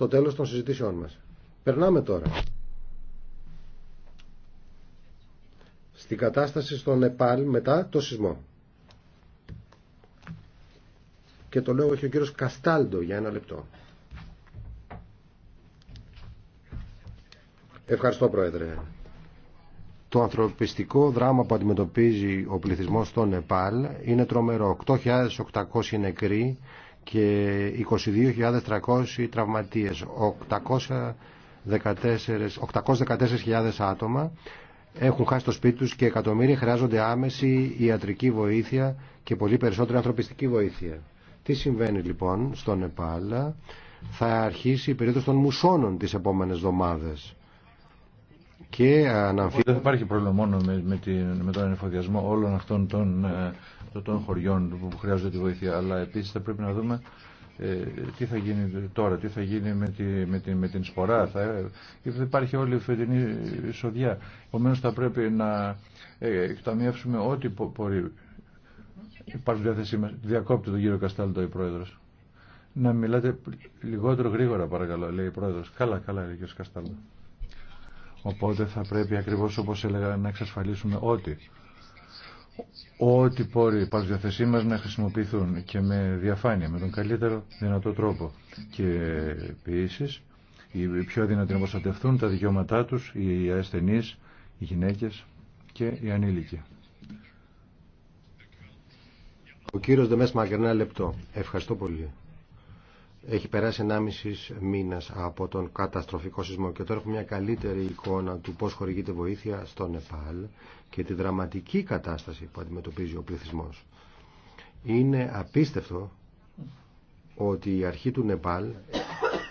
το τέλος των συζητήσεών μας. Περνάμε τώρα στην κατάσταση στο Νεπάλ μετά το σεισμό. Και το λέω έχει ο κύριος Καστάλντο για ένα λεπτό. Ευχαριστώ Πρόεδρε. Το ανθρωπιστικό δράμα που αντιμετωπίζει ο πληθυσμός στο Νεπάλ είναι τρομερό. 8.800 νεκροί και 22.300 τραυματίες, 814.000 άτομα έχουν χάσει το σπίτι τους και εκατομμύρια χρειάζονται άμεση ιατρική βοήθεια και πολύ περισσότερη ανθρωπιστική βοήθεια. Τι συμβαίνει λοιπόν στο Νεπάλ, θα αρχίσει η περίοδος των μουσώνων τις επόμενες εβδομάδες και Δεν υπάρχει πρόβλημα μόνο με, με, την, με τον ανεφοδιασμό όλων αυτών των, ε, των, των χωριών που χρειάζονται τη βοήθεια, αλλά επίσης θα πρέπει να δούμε ε, τι θα γίνει τώρα, τι θα γίνει με, τη, με, με την σπορά. Ε, θα, υπάρχει όλη η φετινή εισοδιά. Επομένω θα πρέπει να ε, εκταμιεύσουμε ό,τι μπορεί. Υπάρχει διάθεσή μας. Διακόπτει τον κύριο Καστάλτο η πρόεδρο, Να μιλάτε λιγότερο γρήγορα παρακαλώ, λέει η πρόεδρο. Καλά, καλά, λέει ο κύριος Καστάλτο. Οπότε θα πρέπει ακριβώς όπως έλεγα να εξασφαλίσουμε ότι ό,τι πόροι υπάρχουν διαθεσή μας να χρησιμοποιηθούν και με διαφάνεια, με τον καλύτερο δυνατό τρόπο. Και επίση οι πιο αδυνατοί να προστατευτούν τα δικαιώματά τους, οι ασθενείς, οι γυναίκες και οι ανήλικοι. Ο κύριος Δεμές για λεπτό. Ευχαριστώ πολύ. Έχει περάσει 1,5 μήνα από τον καταστροφικό σεισμό και τώρα έχουμε μια καλύτερη εικόνα του πώ χορηγείται βοήθεια στο Νεπάλ και τη δραματική κατάσταση που αντιμετωπίζει ο πληθυσμός. Είναι απίστευτο ότι η αρχή του Νεπάλ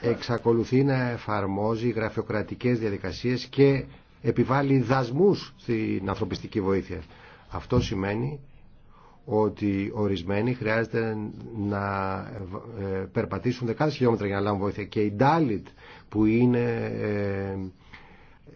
εξακολουθεί να εφαρμόζει γραφειοκρατικές διαδικασίες και επιβάλλει δασμούς στην ανθρωπιστική βοήθεια. Αυτό σημαίνει ότι ορισμένοι χρειάζεται να ε, περπατήσουν δεκάδες χιλιόμετρα για να λάβουν βοήθεια. Και η Ντάλιτ που είναι ε,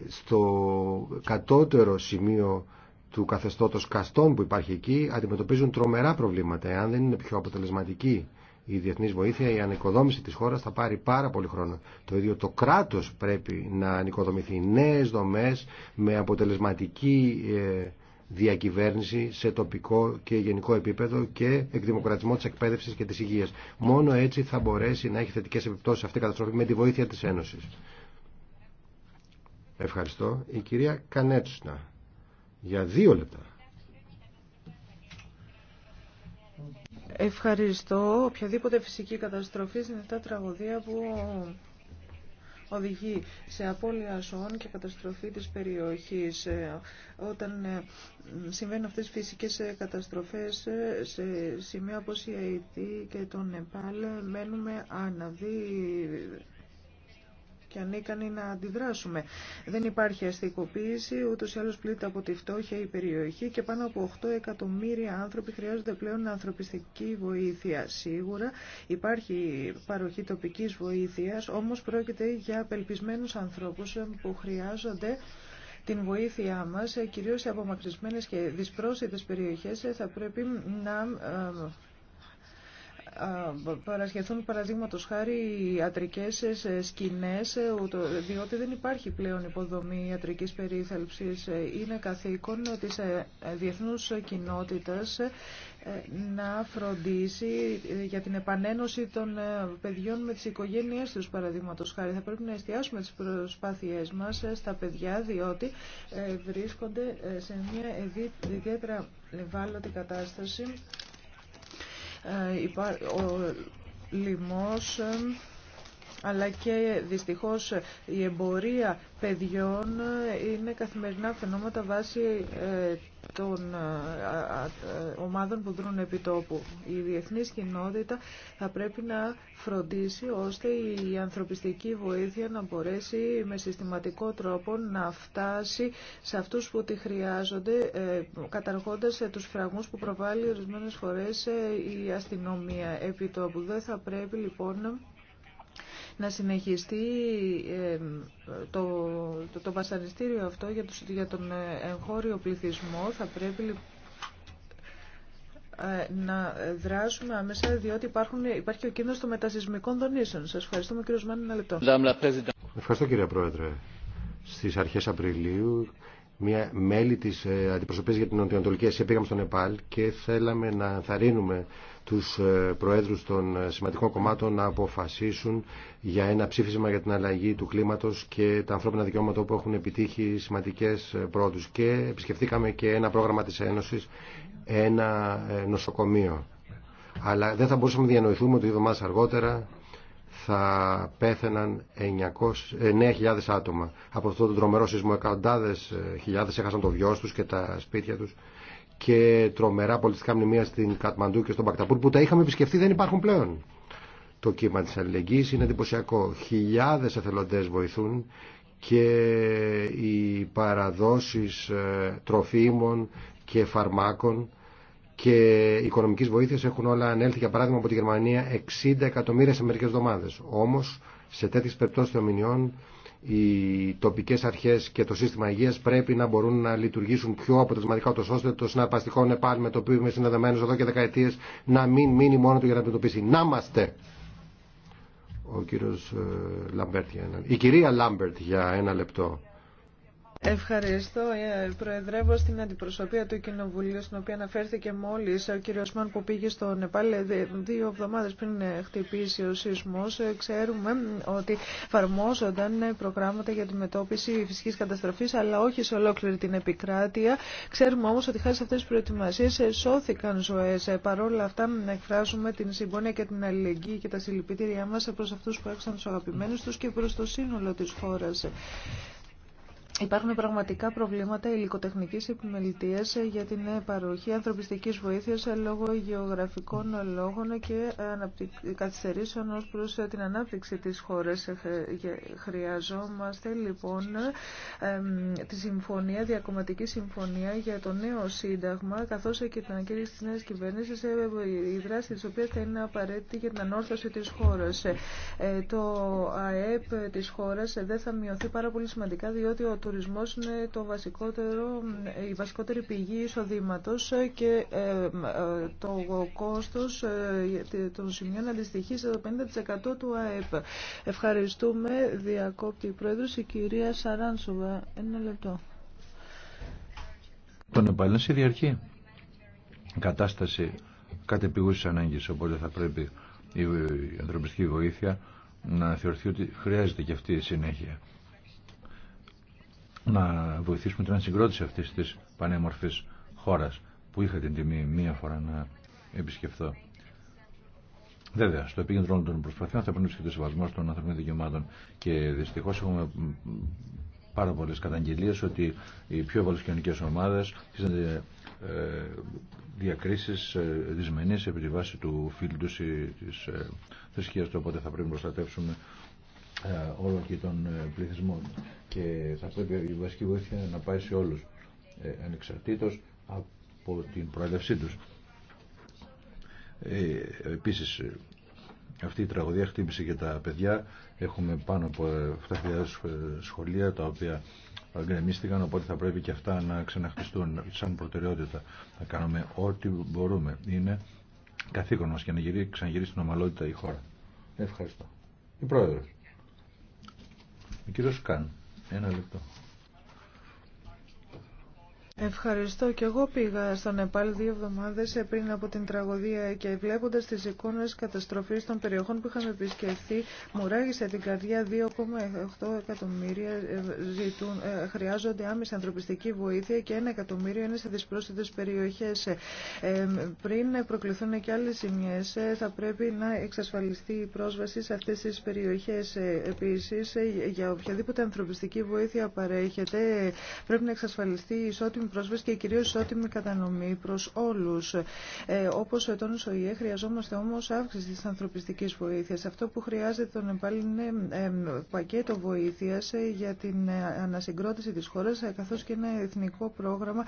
στο κατώτερο σημείο του καθεστώτος καστών που υπάρχει εκεί αντιμετωπίζουν τρομερά προβλήματα. Εάν δεν είναι πιο αποτελεσματική η διεθνής βοήθεια, η ανοικοδόμηση της χώρας θα πάρει πάρα πολύ χρόνο. Το ίδιο το κράτος πρέπει να ανοικοδομηθεί νέες δομές με αποτελεσματική ε, διακυβέρνηση σε τοπικό και γενικό επίπεδο και εκδημοκρατισμό τη εκπαίδευση και τη υγεία. Μόνο έτσι θα μπορέσει να έχει θετικέ επιπτώσει αυτή η καταστροφή με τη βοήθεια τη Ένωση. Ευχαριστώ. Η κυρία Κανέτσνα. Για δύο λεπτά. Ευχαριστώ. Οποιαδήποτε φυσική καταστροφή είναι τα τραγωδία που οδηγεί σε απώλεια ζώων και καταστροφή της περιοχής. Ε, όταν ε, συμβαίνουν αυτές τις φυσικές ε, καταστροφές σε σημεία όπως η ΑΕΤ και το Νεπάλ μένουμε αναδύ και ανίκανοι να αντιδράσουμε. Δεν υπάρχει αστικοποίηση, ούτως ή άλλως πλήττεται από τη φτώχεια η αλλως πληττει απο τη φτωχεια η περιοχη και πάνω από 8 εκατομμύρια άνθρωποι χρειάζονται πλέον ανθρωπιστική βοήθεια. Σίγουρα υπάρχει παροχή τοπικής βοήθειας, όμως πρόκειται για απελπισμένους ανθρώπους που χρειάζονται την βοήθειά μας, κυρίως σε απομακρυσμένες και δυσπρόσιτες περιοχές, θα πρέπει να ε, παρασχεθούν παραδείγματο χάρη ιατρικέ ε, σκηνέ, ε, διότι δεν υπάρχει πλέον υποδομή ιατρική περίθαλψη. Ε, είναι καθήκον της διεθνούς κοινότητας να φροντίσει για την επανένωση των παιδιών με τι οικογένειε του, παραδείγματος χάρη. Θα πρέπει να εστιάσουμε τις προσπάθειές μας στα παιδιά, διότι βρίσκονται σε μια ιδιαίτερα ευάλωτη κατάσταση ε, υπά, ο λοιμός ε, αλλά και δυστυχώς η εμπορία παιδιών είναι καθημερινά φαινόματα βάσει ε, των ε, ε, ομάδων που δρούν επί τόπου. Η διεθνής κοινότητα θα πρέπει να φροντίσει ώστε η ανθρωπιστική βοήθεια να μπορέσει με συστηματικό τρόπο να φτάσει σε αυτούς που τη χρειάζονται, καταργώντας τους φραγμούς που προβάλλει ορισμένες φορές η αστυνομία επί τόπου. Δεν θα πρέπει λοιπόν να συνεχιστεί ε, το, το, το βασανιστήριο αυτό για, τους, για τον ε, εγχώριο πληθυσμό. Θα πρέπει ε, να δράσουμε αμέσα διότι υπάρχουν, υπάρχει ο κίνδυνος των μετασυσμικών δονήσεων. Σας ευχαριστούμε κύριο Σμάνη ένα λεπτό. Ευχαριστώ κύριε Πρόεδρε. Στις αρχές Απριλίου μια μέλη της αντιπροσωπής για την Νοτιοανατολική Ασία πήγαμε στο Νεπάλ και θέλαμε να θαρρύνουμε τους ε, προέδρους των ε, σημαντικών κομμάτων να αποφασίσουν για ένα ψήφισμα για την αλλαγή του κλίματος και τα ανθρώπινα δικαιώματα που έχουν επιτύχει σημαντικές ε, πρόοδους. Και επισκεφτήκαμε και ένα πρόγραμμα της Ένωσης, ένα νοσοκομείο. Αλλά δεν θα μπορούσαμε να διανοηθούμε ότι δύο αργότερα θα πέθαιναν 9.000 άτομα. Από αυτόν τον τρομερό σεισμό εκατοντάδες χιλιάδες έχασαν το βιό τους και τα σπίτια τους και τρομερά πολιτιστικά μνημεία στην Κατμαντού και στον Πακταπούρ που τα είχαμε επισκεφτεί δεν υπάρχουν πλέον. Το κύμα τη αλληλεγγύη είναι εντυπωσιακό. Χιλιάδε εθελοντέ βοηθούν και οι παραδοσει ε, τροφίμων και φαρμάκων και οικονομική βοήθεια έχουν όλα ανέλθει για παράδειγμα από τη Γερμανία 60 εκατομμύρια σε μερικέ εβδομάδε, όμω σε τέτοιε περιπτώσει των μηνιών οι τοπικές αρχές και το σύστημα υγείας πρέπει να μπορούν να λειτουργήσουν πιο αποτελεσματικά ώστε το συναρπαστικό Νεπάλ με το οποίο είμαι συνδεδεμένος εδώ και δεκαετίες να μην μείνει μόνο του για να αντιμετωπίσει. Να είμαστε! Ο κύριος ε, Λαμπέρτ για ένα... Η κυρία Λάμπερτ για ένα λεπτό. Ευχαριστώ. Ε, Προεδρεύω στην αντιπροσωπεία του Κοινοβουλίου, στην οποία αναφέρθηκε μόλι ο κ. Μαν που πήγε στο Νεπάλ ε, δύο εβδομάδε πριν ε, χτυπήσει ο σεισμό. Ξέρουμε ότι εφαρμόζονταν προγράμματα για τη μετώπιση φυσική καταστροφή, αλλά όχι σε ολόκληρη την επικράτεια. Ξέρουμε όμω ότι χάρη σε αυτέ τι προετοιμασίε σώθηκαν ζωέ. Παρ' όλα αυτά, να εκφράζουμε την συμπόνια και την αλληλεγγύη και τα συλληπιτήριά μα προ αυτού που έξαν του αγαπημένου του και προ το σύνολο τη χώρα. Υπάρχουν πραγματικά προβλήματα υλικοτεχνική επιμελητία ε, για την ε, παροχή ανθρωπιστική βοήθεια ε, λόγω γεωγραφικών λόγων και καθυστερήσεων ω προ την ανάπτυξη τη χώρα. Χρειαζόμαστε λοιπόν τη συμφωνία, διακομματική συμφωνία για το νέο σύνταγμα καθώ και την ανακήρυξη τη νέα κυβέρνηση, η δράση τη οποία θα είναι απαραίτητη για την ανόρθωση τη χώρα. Το ΑΕΠ τη χώρα δεν θα μειωθεί πάρα πολύ σημαντικά διότι ο τουρισμός είναι το βασικότερο, η βασικότερη πηγή εισοδήματος και ε, ε, το κόστος ε, των σημείων αντιστοιχεί σε το 50% του ΑΕΠ. Ευχαριστούμε. Διακόπτη η Πρόεδρος, η κυρία Σαράνσοβα. Ένα λεπτό. Τον σε διαρκεί. Κατάσταση κατεπηγούσης ανάγκης, οπότε θα πρέπει η ανθρωπιστική βοήθεια να θεωρηθεί ότι χρειάζεται και αυτή η συνέχεια να βοηθήσουμε την συγκρότηση αυτή τη πανέμορφη χώρα που είχα την τιμή μία φορά να επισκεφθώ. Βέβαια, στο επίκεντρο των προσπαθειών θα πρέπει να βρίσκεται σεβασμό των ανθρωπίνων δικαιωμάτων και δυστυχώ έχουμε πάρα πολλέ καταγγελίε ότι οι πιο κοινωνικέ ομάδε τίθενται ε, διακρίσει ε, δυσμενεί επί τη βάση του φίλου του ή τη ε, θρησκεία του. Οπότε θα πρέπει να προστατεύσουμε ε, όλο και τον ε, πληθυσμό και θα πρέπει η βασική βοήθεια να πάει σε όλους ε, ανεξαρτήτως από την προέλευσή τους. επίσης αυτή η τραγωδία χτύπησε και τα παιδιά. Έχουμε πάνω από 7.000 σχολεία τα οποία αγκρεμίστηκαν οπότε θα πρέπει και αυτά να ξαναχτιστούν σαν προτεραιότητα. να κάνουμε ό,τι μπορούμε. Είναι καθήκον μας και να ξαναγυρίσει στην ομαλότητα η χώρα. Ευχαριστώ. Η Πρόεδρος. Ο κύριος Καν. Ένα λεπτό. Ευχαριστώ. Και εγώ πήγα στο Νεπάλ δύο εβδομάδες ε, πριν από την τραγωδία και βλέποντας τις εικόνες καταστροφής των περιοχών που είχαμε επισκεφθεί, μουράγισε την καρδιά 2,8 εκατομμύρια ε, ζητούν, ε, χρειάζονται άμεση ανθρωπιστική βοήθεια και ένα εκατομμύριο είναι σε δυσπρόσιτες περιοχές. πριν προκληθούν και άλλες ζημιές, θα πρέπει να εξασφαλιστεί η πρόσβαση σε αυτές τις περιοχές. επίσης, για οποιαδήποτε ανθρωπιστική βοήθεια παρέχεται, πρέπει να εξασφαλιστεί ισότιμη ισότιμη πρόσβαση και κυρίως ισότιμη κατανομή προς όλους. Ε, όπως τόνισε ο ΙΕ, χρειαζόμαστε όμως αύξηση τη ανθρωπιστικής βοήθειας. Αυτό που χρειάζεται τον πάλι είναι πακέτο βοήθειας ε, για την ε, ανασυγκρότηση της χώρας, ε, καθώς και ένα εθνικό πρόγραμμα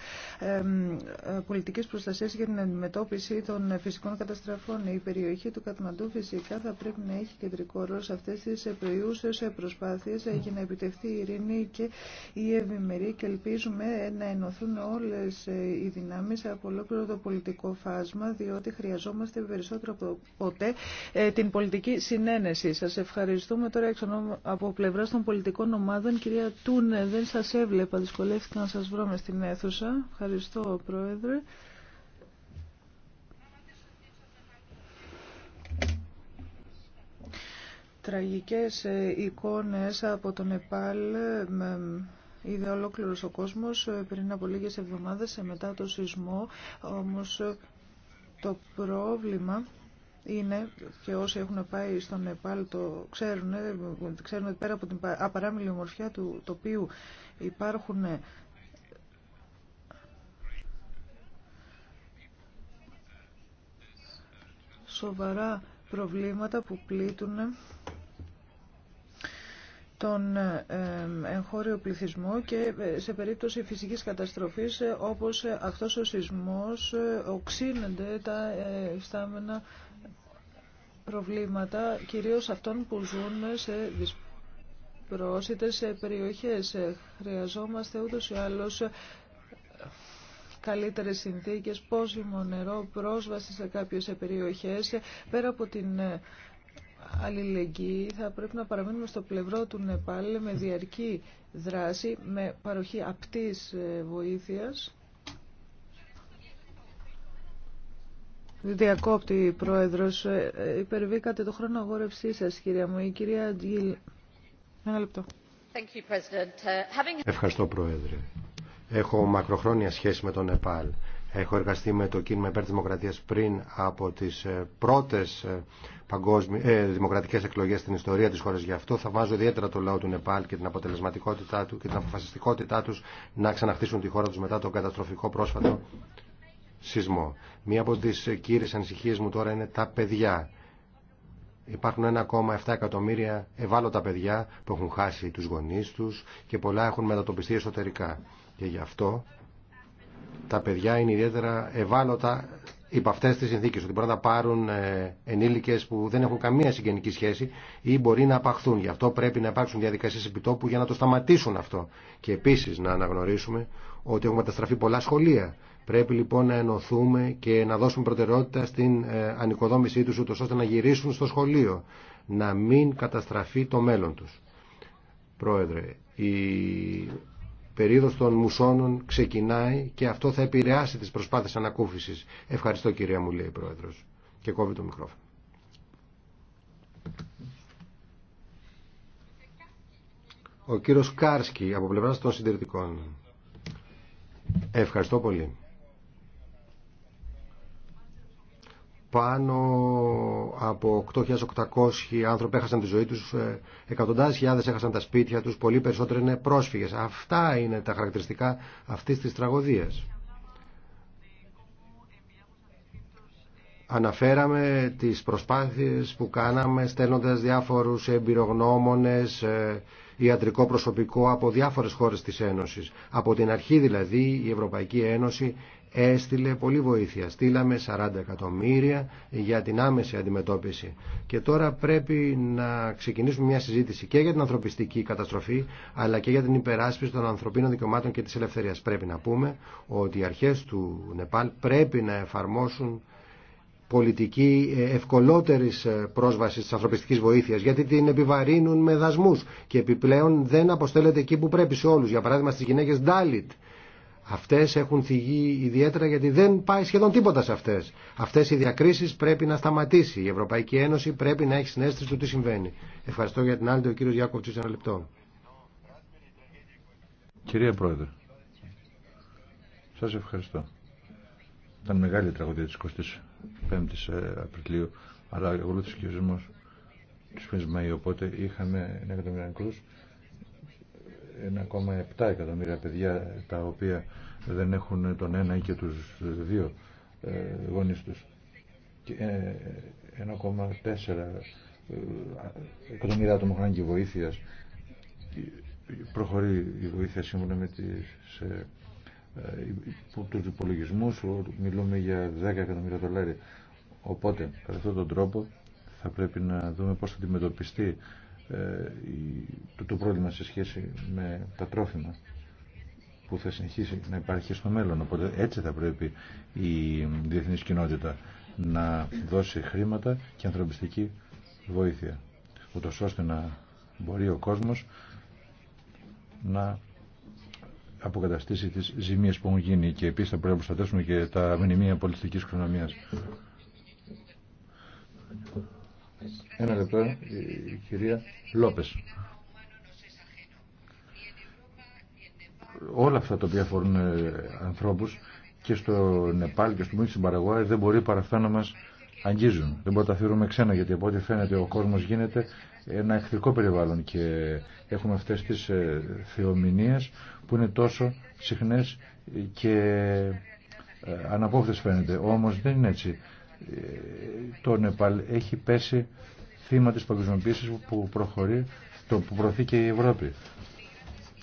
πολιτικής προστασίας για την αντιμετώπιση των φυσικών καταστραφών. Η περιοχή του Κατμαντού φυσικά θα πρέπει να έχει κεντρικό ρόλο σε αυτές τις προϊούσες προσπάθειες για να επιτευχθεί η ειρήνη και η ευημερία και ελπίζουμε να ενωθούν Όλε όλες ε, οι δυνάμεις από ολόκληρο το πολιτικό φάσμα, διότι χρειαζόμαστε περισσότερο από ποτέ ε, την πολιτική συνένεση. Σας ευχαριστούμε τώρα από πλευρά των πολιτικών ομάδων. Κυρία Τούνε, δεν σας έβλεπα, δυσκολεύτηκα να σας βρω με στην αίθουσα. Ευχαριστώ, Πρόεδρε. Τραγικές ε, εικόνες από τον ΕΠΑΛ Είδε ολόκληρος ο κόσμος ε, πριν από λίγες εβδομάδες ε, μετά το σεισμό, όμως ε, το πρόβλημα είναι και όσοι έχουν πάει στο Νεπάλ το ξέρουν, ξέρουν ότι πέρα από την απαράμιλη ομορφιά του τοπίου υπάρχουν σοβαρά προβλήματα που πλήττουν τον εγχώριο πληθυσμό και ε, σε περίπτωση φυσικής καταστροφής ε, όπως ε, αυτός ο σεισμός οξύνονται τα στάμενα προβλήματα κυρίως αυτών που ζουν σε δυσπρόσιτες περιοχές. Χρειαζόμαστε ούτως ή άλλως καλύτερες συνθήκες, πόσιμο νερό, πρόσβαση σε κάποιες περιοχές, πέρα από την αλληλεγγύη θα πρέπει να παραμείνουμε στο πλευρό του Νεπάλ με διαρκή δράση, με παροχή απτής ε, βοήθειας. Διακόπτη, Πρόεδρος. Ε, ε, υπερβήκατε το χρόνο αγόρευσή σας, κυρία μου. Η κυρία Τζιλ. Ένα λεπτό. Ευχαριστώ, Πρόεδρε. Έχω μακροχρόνια σχέση με τον Νεπάλ. Έχω εργαστεί με το κίνημα υπέρ της δημοκρατίας πριν από τις ε, πρώτες ε, παγκόσμι... ε, δημοκρατικές εκλογές στην ιστορία της χώρας. Γι' αυτό θα βάζω ιδιαίτερα το λαό του Νεπάλ και την αποτελεσματικότητά του και την αποφασιστικότητά τους να ξαναχτίσουν τη χώρα τους μετά τον καταστροφικό πρόσφατο σεισμό. Μία από τις κύριες ανησυχίες μου τώρα είναι τα παιδιά. Υπάρχουν 1,7 εκατομμύρια ευάλωτα παιδιά που έχουν χάσει τους γονείς τους και πολλά έχουν μετατοπιστεί εσωτερικά. Και γι' αυτό τα παιδιά είναι ιδιαίτερα ευάλωτα υπ' αυτέ τι συνθήκε. Ότι μπορεί να τα πάρουν ε, ενήλικε που δεν έχουν καμία συγγενική σχέση ή μπορεί να απαχθούν. Γι' αυτό πρέπει να υπάρξουν διαδικασίε επιτόπου για να το σταματήσουν αυτό. Και επίση να αναγνωρίσουμε ότι έχουν καταστραφεί πολλά σχολεία. Πρέπει λοιπόν να ενωθούμε και να δώσουμε προτεραιότητα στην ε, ανοικοδόμησή του, ούτω ώστε να γυρίσουν στο σχολείο. Να μην καταστραφεί το μέλλον του. Πρόεδρε, η περίοδος των μουσώνων ξεκινάει και αυτό θα επηρεάσει τις προσπάθειες ανακούφισης. Ευχαριστώ κυρία μου, λέει η Πρόεδρος. Και κόβει το μικρόφωνο. Ο κύριος Κάρσκι από πλευράς των συντηρητικών. Ευχαριστώ πολύ. πάνω από 8.800 άνθρωποι έχασαν τη ζωή τους, ε, εκατοντάδες χιλιάδες έχασαν τα σπίτια τους, πολύ περισσότεροι είναι πρόσφυγες. Αυτά είναι τα χαρακτηριστικά αυτής της τραγωδίας. Αναφέραμε τις προσπάθειες που κάναμε στέλνοντας διάφορους εμπειρογνώμονες, ε, ιατρικό προσωπικό από διάφορες χώρες της Ένωσης. Από την αρχή δηλαδή η Ευρωπαϊκή Ένωση έστειλε πολλή βοήθεια. Στείλαμε 40 εκατομμύρια για την άμεση αντιμετώπιση. Και τώρα πρέπει να ξεκινήσουμε μια συζήτηση και για την ανθρωπιστική καταστροφή, αλλά και για την υπεράσπιση των ανθρωπίνων δικαιωμάτων και τη ελευθερία. Πρέπει να πούμε ότι οι αρχέ του Νεπάλ πρέπει να εφαρμόσουν πολιτική ε, ευκολότερη ε, πρόσβαση τη ανθρωπιστική βοήθεια, γιατί την επιβαρύνουν με δασμού και επιπλέον δεν αποστέλλεται εκεί που πρέπει σε όλου. Για παράδειγμα, στι γυναίκε Ντάλιτ Αυτές έχουν θυγεί ιδιαίτερα γιατί δεν πάει σχεδόν τίποτα σε αυτές. Αυτές οι διακρίσεις πρέπει να σταματήσει. Η Ευρωπαϊκή Ένωση πρέπει να έχει συνέστηση του τι συμβαίνει. Ευχαριστώ για την άλλη, ο κύριος Γιάκοβτσης, ένα λεπτό. Κυρία Πρόεδρε, σας ευχαριστώ. Ήταν μεγάλη η τραγωδία της 25ης ε, Απριλίου, αλλά ο και ο του 5 Μαΐου, οπότε είχαμε ένα εκατομμύριο 1,7 εκατομμύρια παιδιά τα οποία δεν έχουν τον ένα ή και τους δύο ε, γονείς τους. 1,4 ε, ε, εκατομμύρια άτομα έχουν και βοήθειας. Προχωρεί η βοήθεια σύμφωνα με τις, τους υπολογισμούς, μιλούμε για 10 εκατομμύρια δολάρια. Οπότε, κατά αυτόν τον τρόπο θα πρέπει να δούμε πώς θα αντιμετωπιστεί ε, το, το πρόβλημα σε σχέση με τα τρόφιμα που θα συνεχίσει να υπάρχει στο μέλλον. Οπότε έτσι θα πρέπει η διεθνής κοινότητα να δώσει χρήματα και ανθρωπιστική βοήθεια. Ούτως ώστε να μπορεί ο κόσμος να αποκαταστήσει τις ζημίες που έχουν γίνει και επίσης θα πρέπει να προστατεύσουμε και τα μνημεία πολιτιστικής οικονομίας. Ένα λεπτό, η κυρία Λόπες. Όλα αυτά τα οποία αφορούν ε, ανθρώπους και στο Νεπάλ και στο Μίλη στην Παραγουάη δεν μπορεί παρά αυτά να μας αγγίζουν. Δεν μπορεί να τα θεωρούμε ξένα γιατί από ό,τι φαίνεται ο κόσμος γίνεται ένα εχθρικό περιβάλλον και έχουμε αυτές τις ε, θεομηνίες που είναι τόσο συχνές και ε, αναπόφευκτες φαίνεται. Όμως δεν είναι έτσι το Νεπάλ έχει πέσει θύμα της παγκοσμιοποίησης που προχωρεί, το που προωθεί και η Ευρώπη.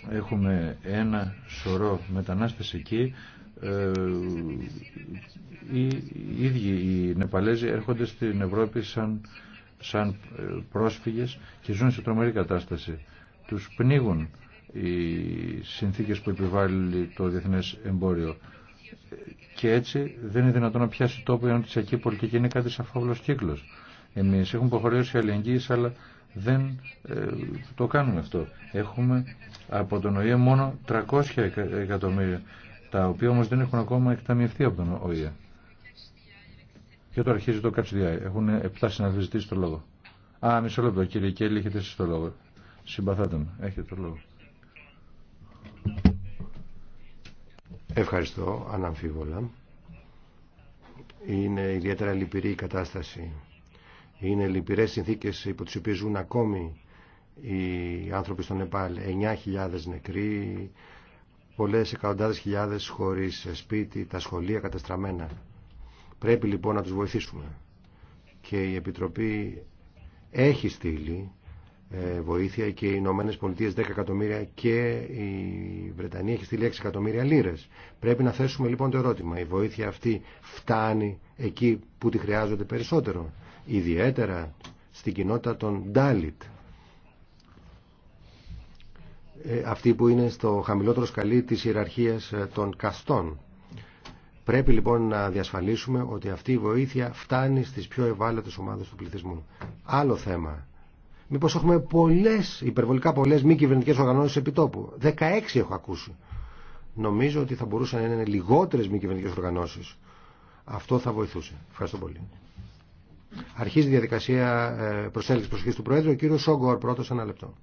Έχουμε ένα σωρό μετανάστες εκεί. Ε, οι, ίδιοι οι Νεπαλέζοι έρχονται στην Ευρώπη σαν, σαν ε, πρόσφυγες και ζουν σε τρομερή κατάσταση. Τους πνίγουν οι συνθήκες που επιβάλλει το διεθνές εμπόριο και έτσι δεν είναι δυνατόν να πιάσει τόπο η αναπτυξιακή πολιτική. Είναι κάτι σαν φαύλο κύκλος. Εμεί έχουμε υποχρεώσει αλληλεγγύη, αλλά δεν ε, το κάνουμε αυτό. Έχουμε από τον ΟΗΕ μόνο 300 εκατομμύρια, τα οποία όμω δεν έχουν ακόμα εκταμιευθεί από τον ΟΗΕ. Και το αρχίζει το ΚΑΤΣΔΙ. Έχουν 7 συναδελφιστές στο λόγο. Α, μισό λεπτό κύριε Κέλλη, έχετε εσεί το λόγο. Συμπαθάτε με, έχετε το λόγο. Ευχαριστώ, αναμφίβολα. Είναι ιδιαίτερα λυπηρή η κατάσταση. Είναι λυπηρές συνθήκες υπό τις οποίες ζουν ακόμη οι άνθρωποι στο Νεπάλ. 9.000 νεκροί, πολλές εκατοντάδες χιλιάδες χωρίς σπίτι, τα σχολεία καταστραμμένα. Πρέπει λοιπόν να τους βοηθήσουμε. Και η Επιτροπή έχει στείλει ε, βοήθεια και οι Ηνωμένε Πολιτείε 10 εκατομμύρια και η Βρετανία έχει στείλει 6 εκατομμύρια λίρε. Πρέπει να θέσουμε λοιπόν το ερώτημα. Η βοήθεια αυτή φτάνει εκεί που τη χρειάζονται περισσότερο. Ιδιαίτερα στην κοινότητα των Ντάλιτ. Ε, αυτή που είναι στο χαμηλότερο σκαλί της ιεραρχίας ε, των καστών. Πρέπει λοιπόν να διασφαλίσουμε ότι αυτή η βοήθεια φτάνει στις πιο ευάλωτες ομάδες του πληθυσμού. Άλλο θέμα Μήπω έχουμε πολλές, υπερβολικά πολλές μη κυβερνητικές οργανώσεις επιτόπου. 16 έχω ακούσει. Νομίζω ότι θα μπορούσαν να είναι λιγότερες μη κυβερνητικές οργανώσεις. Αυτό θα βοηθούσε. Ευχαριστώ πολύ. Αρχίζει η διαδικασία ε, προσέλκυση προσοχή του Προέδρου. Ο κύριο Σόγκορ, πρώτο, ένα λεπτό.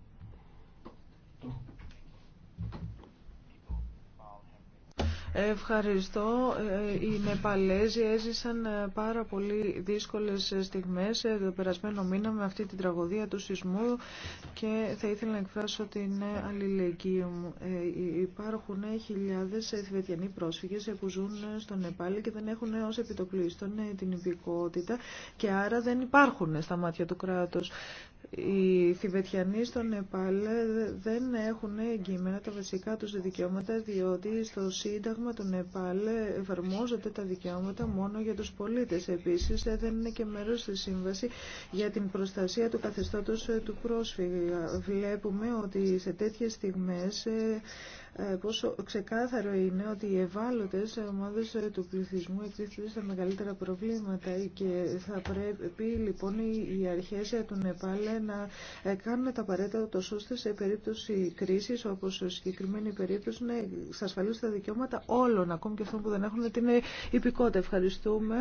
Ευχαριστώ. Ε, οι Νεπαλέζοι έζησαν ε, πάρα πολύ δύσκολες ε, στιγμές το περασμένο μήνα με αυτή την τραγωδία του σεισμού και θα ήθελα να εκφράσω την αλληλεγγύη μου. Υπάρχουν χιλιάδες Θηβετιανοί πρόσφυγες που ζουν στο Νεπάλ και δεν έχουν ως επιτοπλίστων την υπηκότητα και άρα δεν υπάρχουν στα μάτια του κράτους. Οι Θιβετιανοί στο Νεπάλ δεν έχουν εγγυημένα τα βασικά τους δικαιώματα διότι στο Σύνταγμα του Νεπάλ εφαρμόζονται τα δικαιώματα μόνο για τους πολίτες. Επίσης δεν είναι και μέρος στη Σύμβαση για την προστασία του καθεστώτος του πρόσφυγα. Βλέπουμε ότι σε τέτοιες στιγμές ε, πόσο ξεκάθαρο είναι ότι οι ευάλωτες ομάδες του πληθυσμού εκτίθενται στα μεγαλύτερα προβλήματα και θα πρέπει λοιπόν οι αρχές του Νεπάλ να ε, κάνουν τα απαραίτητα ώστε σε περίπτωση κρίσης όπως σε συγκεκριμένη περίπτωση να εξασφαλίσουν τα δικαιώματα όλων ακόμη και αυτών που δεν έχουν την υπηκότητα. Ευχαριστούμε.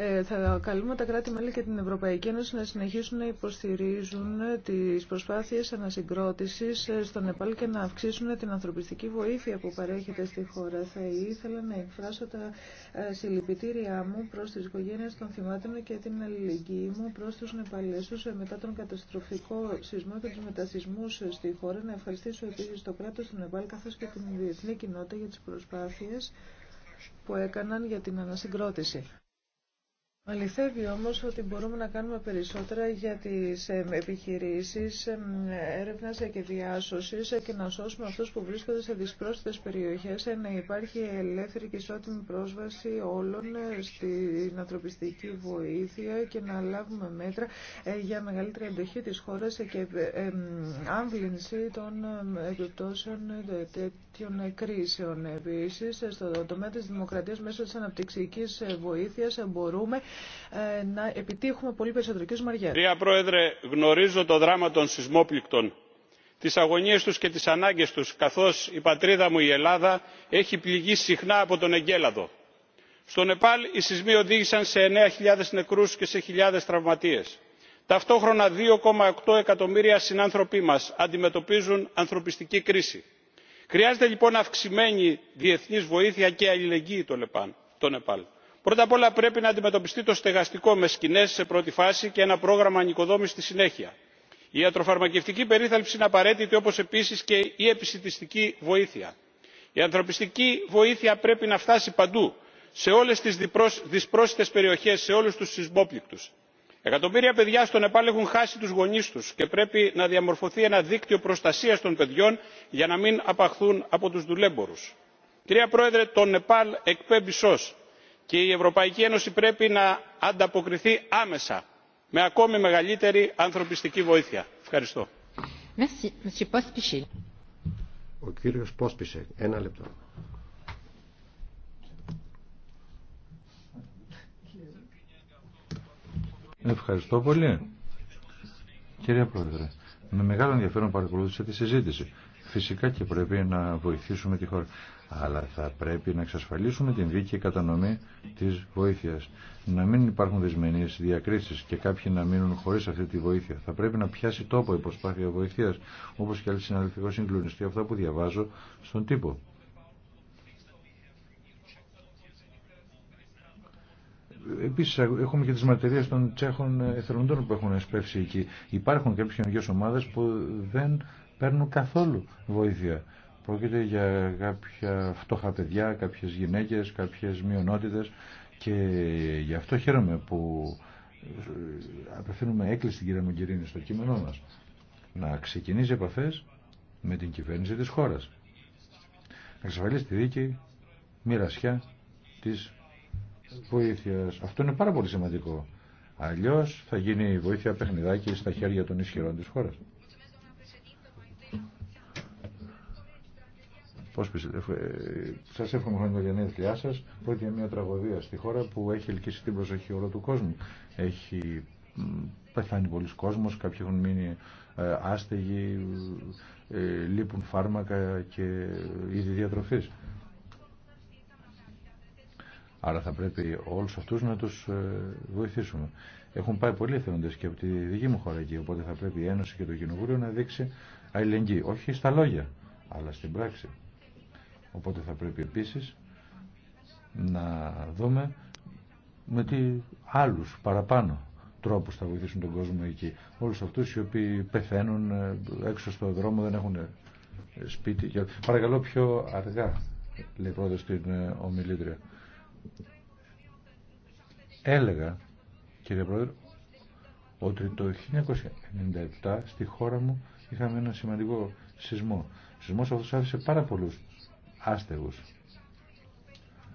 Ε, θα καλούμε τα κράτη-μέλη και την Ευρωπαϊκή Ένωση να συνεχίσουν να υποστηρίζουν τις προσπάθειες ανασυγκρότησης ε, στο Νεπάλ και να αυξήσουν την ανθρωπιστική βοήθεια που παρέχεται στη χώρα. Θα ήθελα να εκφράσω τα ε, συλληπιτήριά μου προς τις οικογένειες των θυμάτων και την αλληλεγγύη μου προς τους Νεπαλέσους μετά τον καταστροφικό σεισμό και τους μετασυσμούς στη χώρα. Να ευχαριστήσω επίσης το κράτος του Νεπάλ καθώς και την διεθνή κοινότητα για τις προσπάθειες που έκαναν για την ανασυγκρότηση. Αληθεύει όμως ότι μπορούμε να κάνουμε περισσότερα για τις ε, επιχειρήσεις ε, έρευνας και διάσωσης ε, και να σώσουμε αυτούς που βρίσκονται σε δυσπρόσθετες περιοχές, να υπάρχει ελεύθερη και ισότιμη πρόσβαση όλων στην ανθρωπιστική βοήθεια και να λάβουμε μέτρα για μεγαλύτερη εντοχή της χώρας και άμβληνση των επιπτώσεων τέτοιων κρίσεων. επίση, στο τομέα τη Δημοκρατία μέσω τη αναπτυξιακής βοήθεια μπορούμε ε, να επιτύχουμε πολύ περισσότερο. Κύριε Μαριέ. Κυρία Πρόεδρε, γνωρίζω το δράμα των σεισμόπληκτων, τι αγωνίε του και τι ανάγκε του, καθώ η πατρίδα μου η Ελλάδα έχει πληγεί συχνά από τον εγκέλαδο. Στο Νεπάλ οι σεισμοί οδήγησαν σε 9.000 νεκρού και σε χιλιάδε τραυματίε. Ταυτόχρονα 2,8 εκατομμύρια συνάνθρωποι μα αντιμετωπίζουν ανθρωπιστική κρίση χρειάζεται λοιπόν αυξημένη διεθνής βοήθεια και αλληλεγγύη στο νεπάλ. πρώτα απ' όλα πρέπει να αντιμετωπιστεί το στεγαστικό με σκηνές σε πρώτη φάση και ένα πρόγραμμα ανοικοδόμησης στη συνέχεια. η ιατροφαρμακευτική περίθαλψη είναι απαραίτητη όπως επίσης και η επιστημιστική βοήθεια. η ανθρωπιστική βοήθεια πρέπει να φτάσει παντού σε όλες τις δυσπρόσιτες περιοχές σε όλους τους σεισμόπληκτους εκατομμύρια παιδιά στο νεπάλ έχουν χάσει τους γονείς τους και πρέπει να διαμορφωθεί ένα δίκτυο προστασίας των παιδιών για να μην απαχθούν από τους δουλέμπορους. κυρία πρόεδρε το νεπάλ εκπέμπει σως και η ευρωπαϊκή ένωση πρέπει να ανταποκριθεί άμεσα με ακόμη μεγαλύτερη ανθρωπιστική βοήθεια. ευχαριστώ. Ευχαριστώ πολύ. Κυρία Πρόεδρε, με μεγάλο ενδιαφέρον παρακολούθησα τη συζήτηση. Φυσικά και πρέπει να βοηθήσουμε τη χώρα. Αλλά θα πρέπει να εξασφαλίσουμε την δίκαιη κατανομή της βοήθειας. Να μην υπάρχουν δυσμενεί διακρίσεις και κάποιοι να μείνουν χωρίς αυτή τη βοήθεια. Θα πρέπει να πιάσει τόπο η προσπάθεια βοηθεια όπω και άλλοι συναδελφικοί συγκλονιστή, αυτά που διαβάζω στον τύπο. Επίση, έχουμε και τι μαρτυρίε των Τσέχων εθελοντών που έχουν εσπεύσει εκεί. Υπάρχουν κάποιε κοινωνικέ ομάδε που δεν παίρνουν καθόλου βοήθεια. Πρόκειται για κάποια φτωχά παιδιά, κάποιε γυναίκε, κάποιε μειονότητε και γι' αυτό χαίρομαι που ε, απευθύνουμε έκκληση στην κυρία στο κείμενό μα να ξεκινήσει επαφέ με την κυβέρνηση τη χώρα. Να εξασφαλίσει τη δίκη μοιρασιά τη βοήθειας. Αυτό είναι πάρα πολύ σημαντικό. Αλλιώ θα γίνει η βοήθεια παιχνιδάκι στα χέρια των ισχυρών της χώρας. Πώς ε, σας εύχομαι χρόνια την γενέθλιά σα, Πρόκειται για μια τραγωδία στη χώρα που έχει ελκύσει την προσοχή όλου του κόσμου. Έχει πεθάνει πολλοί κόσμος, κάποιοι έχουν μείνει ε, άστεγοι, ε, λείπουν φάρμακα και είδη διατροφής. Άρα θα πρέπει όλους αυτούς να τους ε, βοηθήσουμε. Έχουν πάει πολλοί εθελοντές και από τη δική μου χώρα εκεί, οπότε θα πρέπει η Ένωση και το Κοινοβούλιο να δείξει αλληλεγγύη. Όχι στα λόγια, αλλά στην πράξη. Οπότε θα πρέπει επίσης να δούμε με τι άλλους παραπάνω τρόπους θα βοηθήσουν τον κόσμο εκεί. Όλους αυτούς οι οποίοι πεθαίνουν ε, έξω στο δρόμο, δεν έχουν ε, σπίτι. Παρακαλώ πιο αργά, λέει πρώτα στην ομιλήτρια. Έλεγα, κύριε Πρόεδρε, ότι το 1997 στη χώρα μου είχαμε ένα σημαντικό σεισμό. Ο σεισμός αυτός άφησε πάρα πολλούς άστεγους.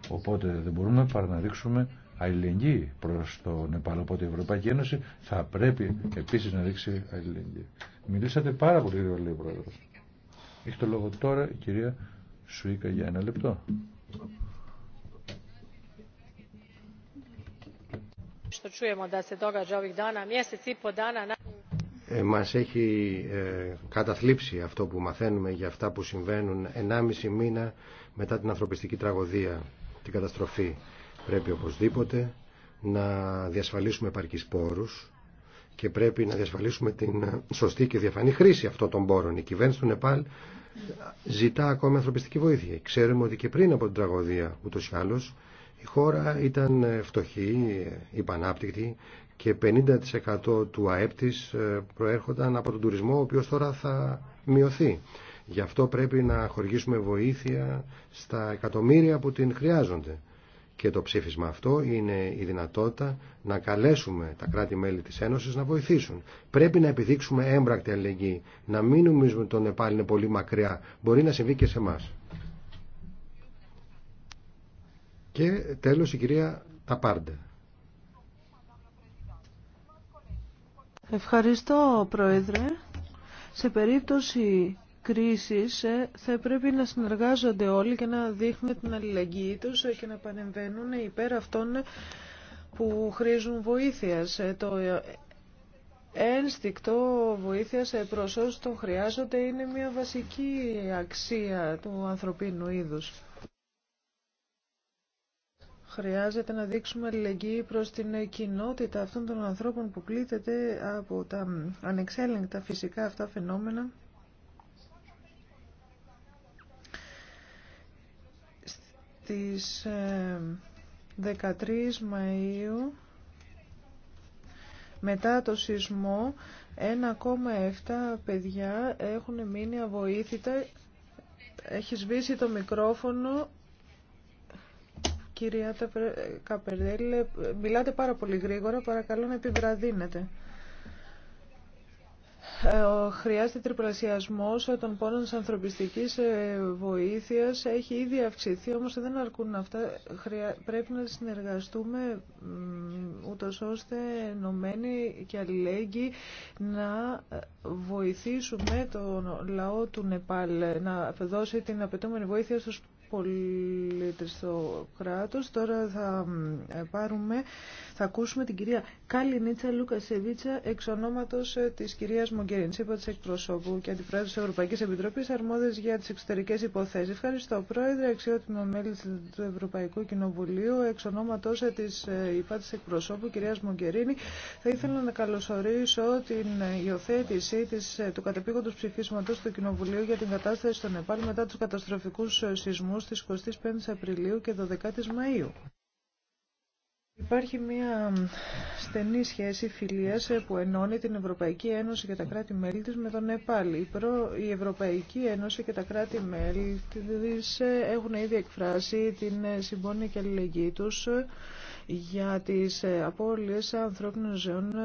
Οπότε δεν μπορούμε παρά να δείξουμε αλληλεγγύη προς το Νεπάλ. Οπότε η Ευρωπαϊκή Ένωση θα πρέπει επίσης να δείξει αλληλεγγύη. Μιλήσατε πάρα πολύ γρήγορα, λέει ο Πρόεδρος. Έχει το λόγο τώρα η κυρία Σουίκα για ένα λεπτό. Ε, Μα έχει ε, καταθλίψει αυτό που μαθαίνουμε για αυτά που συμβαίνουν ενάμιση μήνα μετά την ανθρωπιστική τραγωδία, την καταστροφή. Πρέπει οπωσδήποτε να διασφαλίσουμε επαρκεί πόρου και πρέπει να διασφαλίσουμε την ε, σωστή και διαφανή χρήση αυτών των πόρων. Η κυβέρνηση του Νεπάλ ζητά ακόμη ανθρωπιστική βοήθεια. Ξέρουμε ότι και πριν από την τραγωδία ούτω ή άλλως η χώρα ήταν ε, φτωχή, ε, υπανάπτυκτη και 50% του ΑΕΠ της ε, προέρχονταν από τον τουρισμό, ο οποίος τώρα θα μειωθεί. Γι' αυτό πρέπει να χορηγήσουμε βοήθεια στα εκατομμύρια που την χρειάζονται. Και το ψήφισμα αυτό είναι η δυνατότητα να καλέσουμε τα κράτη-μέλη της Ένωσης να βοηθήσουν. Πρέπει να επιδείξουμε έμπρακτη αλληλεγγύη, να μην νομίζουμε ότι τον Νεπάλ είναι πολύ μακριά. Μπορεί να συμβεί και σε εμάς. Και τέλος η κυρία Ταπάρντε. Ευχαριστώ, Πρόεδρε. Σε περίπτωση κρίσης ε, θα πρέπει να συνεργάζονται όλοι και να δείχνουν την αλληλεγγύη τους και να πανεμβαίνουν υπέρ αυτών που χρήζουν βοήθειας. Ε, το ένστικτο βοήθειας ε, προς όσους το χρειάζονται είναι μια βασική αξία του ανθρωπίνου είδους. Χρειάζεται να δείξουμε αλληλεγγύη προς την κοινότητα αυτών των ανθρώπων που πλήττεται από τα ανεξέλεγκτα φυσικά αυτά φαινόμενα. Στις 13 ε, Μαΐου μετά το σεισμό 1,7 παιδιά έχουν μείνει αβοήθητα. Έχει σβήσει το μικρόφωνο Κυρία Καπερδέλη, μιλάτε πάρα πολύ γρήγορα, παρακαλώ να επιβραδύνετε. Ε, χρειάζεται τριπλασιασμό των πόρων τη ανθρωπιστική ε, βοήθειας. Έχει ήδη αυξηθεί, όμως δεν αρκούν αυτά. Πρέπει να συνεργαστούμε ούτω ώστε ενωμένοι και αλληλέγγυοι να ε, βοηθήσουμε τον λαό του Νεπάλ να δώσει την απαιτούμενη βοήθεια στους πολίτε στο κράτο. Τώρα θα ε, πάρουμε, θα ακούσουμε την κυρία Καλινίτσα Σεβίτσα, εξ ονόματο ε, της κυρίας Μογκερίνης, είπα της εκπροσώπου και αντιπρόεδρος τη Ευρωπαϊκής Επιτροπής αρμόδες για τι εξωτερικέ υποθέσει. Ευχαριστώ πρόεδρε, αξιότιμο μέλη του Ευρωπαϊκού Κοινοβουλίου, εξ τη ε, της είπα τη εκπροσώπου κυρία Μογκερίνη. Θα ήθελα να καλωσορίσω την υιοθέτηση της, του κατεπήγοντο ψηφίσματος του Κοινοβουλίου για την κατάσταση στο Νεπάλ μετά του καταστροφικού σεισμούς Στι στις 25 Απριλίου και 12 Μαΐου. Υπάρχει μια στενή σχέση φιλίας ε, που ενώνει την Ευρωπαϊκή Ένωση και τα κράτη-μέλη της με τον ΕΠΑΛΗ. Η Ευρωπαϊκή Ένωση και τα κράτη-μέλη της ε, έχουν ήδη εκφράσει την ε, συμπόνια και αλληλεγγύη τους για τις ε, απώλειες ανθρώπινων ζώων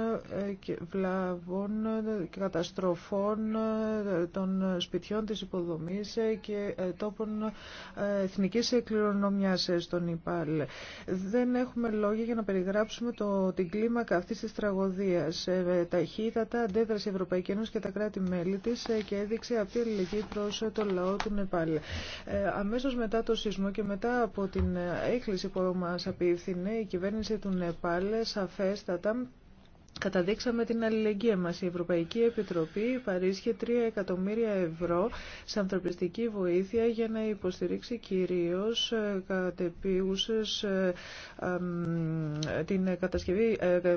ε, και βλαβών ε, καταστροφών των σπιτιών της υποδομής και τόπων εθνικής κληρονομιάς στον Ιπάλ. Δεν έχουμε λόγια για να περιγράψουμε το, την κλίμακα αυτής της τραγωδίας. Ταχύτατα αντέδρασε η Ευρωπαϊκή Ένωση και τα κράτη-μέλη της και έδειξε αυτή η αλληλεγγύη προς το λαό του Νεπάλ. Αμέσως μετά το σεισμό και μετά από την έκκληση που μας κυβέρνηση του Νεπάλ σαφέστατα Καταδείξαμε την αλληλεγγύη μας. Η Ευρωπαϊκή Επιτροπή παρίσχε 3 εκατομμύρια ευρώ σε ανθρωπιστική βοήθεια για να υποστηρίξει κυρίως ε, κατεπίγουσες ε, την κατασκευή ε,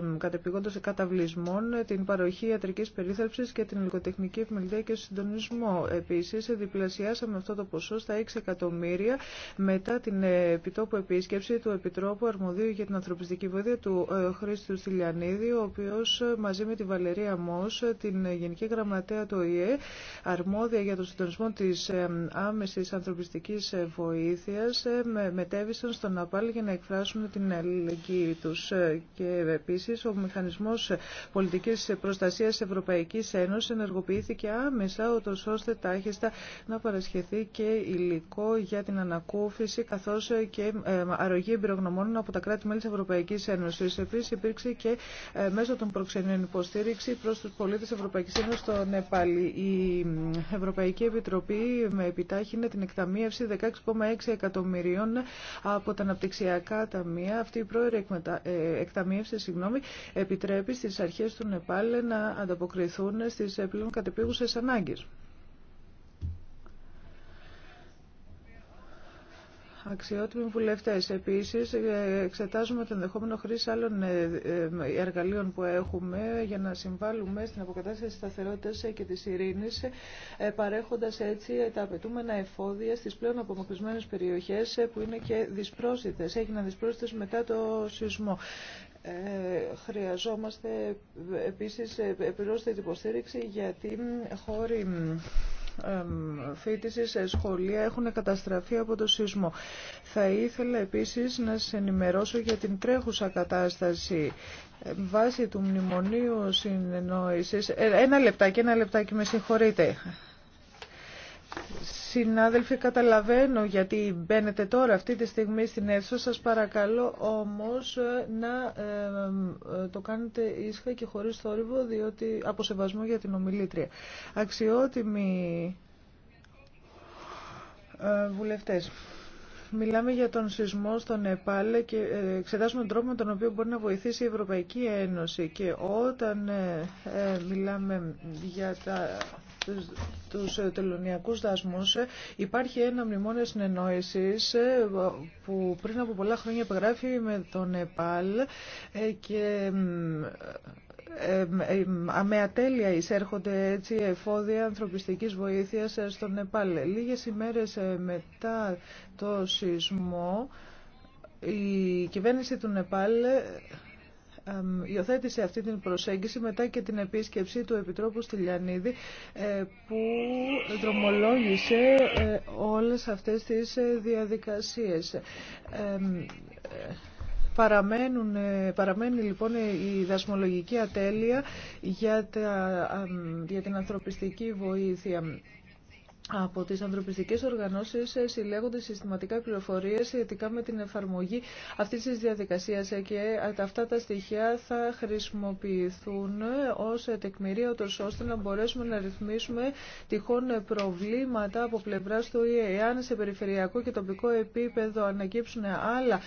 καταβλισμών, την παροχή ιατρικής περίθαλψης και την υλικοτεχνική επιμελητία και συντονισμό. Επίσης, διπλασιάσαμε αυτό το ποσό στα 6 εκατομμύρια μετά την επιτόπου επίσκεψη του Επιτρόπου Αρμοδίου για την Ανθρωπιστική Βοήθεια του Χρήστου Στυλιανίδη, ο μαζί με τη Βαλερία Μος, την Γενική Γραμματέα του ΟΗΕ, αρμόδια για τον συντονισμό της ε, άμεσης ανθρωπιστικής βοήθειας, ε, μετέβησαν στον ΑΠΑΛ για να εκφράσουν την αλληλεγγύη τους. Ε, και επίσης ο μηχανισμός πολιτικής προστασίας Ευρωπαϊκής Ένωσης ενεργοποιήθηκε άμεσα, ότως ώστε τάχιστα να παρασχεθεί και υλικό για την ανακούφιση, καθώς και αρρωγή εμπειρογνωμόνων από τα κράτη-μέλη της Ευρωπαϊκής Ένωσης. Επίση υπήρξε και μέσω των προξενείων υποστήριξη προς τους πολίτες Ευρωπαϊκής Ένωσης στο Νεπάλ. Η Ευρωπαϊκή Επιτροπή με επιτάχυνε την εκταμείευση 16,6 εκατομμυρίων από τα αναπτυξιακά ταμεία. Αυτή η πρόερη ε, εκταμείευση συγγνώμη, επιτρέπει στις αρχές του Νεπάλ να ανταποκριθούν στις πλέον κατεπίγουσες ανάγκες. αξιότιμοι βουλευτές. Επίσης, εξετάζουμε το ενδεχόμενο χρήση άλλων ε, ε, εργαλείων που έχουμε για να συμβάλλουμε στην αποκατάσταση της σταθερότητας και της ειρήνης, ε, παρέχοντας έτσι τα απαιτούμενα εφόδια στις πλέον απομακρυσμένες περιοχές που είναι και δυσπρόσιτες. Έγιναν δυσπρόσιτες μετά το σεισμό. Ε, χρειαζόμαστε επίσης επιρρόσθετη υποστήριξη για την χώρη Φίτηση σε σχολεία έχουν καταστραφεί από το σεισμό. Θα ήθελα επίσης να σας ενημερώσω για την τρέχουσα κατάσταση βάσει του μνημονίου συνεννόησης. Ε, ένα λεπτάκι, ένα λεπτάκι, με συγχωρείτε. Συνάδελφοι, καταλαβαίνω γιατί μπαίνετε τώρα αυτή τη στιγμή στην αίθουσα. Σας παρακαλώ όμως ε, να ε, ε, το κάνετε ίσχα και χωρίς θόρυβο, διότι από για την ομιλήτρια. Αξιότιμοι βουλευτές. Μιλάμε για τον σεισμό στο Νεπάλ και ε, εξετάζουμε τον τρόπο με τον οποίο μπορεί να βοηθήσει η Ευρωπαϊκή Ένωση. Και όταν ε, ε, μιλάμε για τα, τους τελωνιακούς δασμούς, υπάρχει ένα μνημόνιο συνεννόησης που πριν από πολλά χρόνια υπεγράφει με τον Νεπάλ και ατέλεια εισέρχονται έτσι εφόδια ανθρωπιστικής βοήθειας ε, στο Νεπάλ. Λίγες ημέρες ε, μετά το σεισμό η κυβέρνηση του Νεπάλ ε, υιοθέτησε αυτή την προσέγγιση μετά και την επίσκεψη του Επιτρόπου Στυλιανίδη που δρομολόγησε όλες αυτές τις διαδικασίες. Παραμένουν, ε, παραμένει λοιπόν ε, η δασμολογική ατέλεια για, για την ανθρωπιστική βοήθεια από τις ανθρωπιστικές οργανώσεις ε, συλλέγονται συστηματικά πληροφορίες σχετικά με την εφαρμογή αυτής της διαδικασίας ε, και ε, αυτά τα στοιχεία θα χρησιμοποιηθούν ως τεκμηρία ώστε να μπορέσουμε να ρυθμίσουμε τυχόν προβλήματα από πλευρά του ΙΕ. αν σε περιφερειακό και τοπικό επίπεδο ανακύψουν άλλα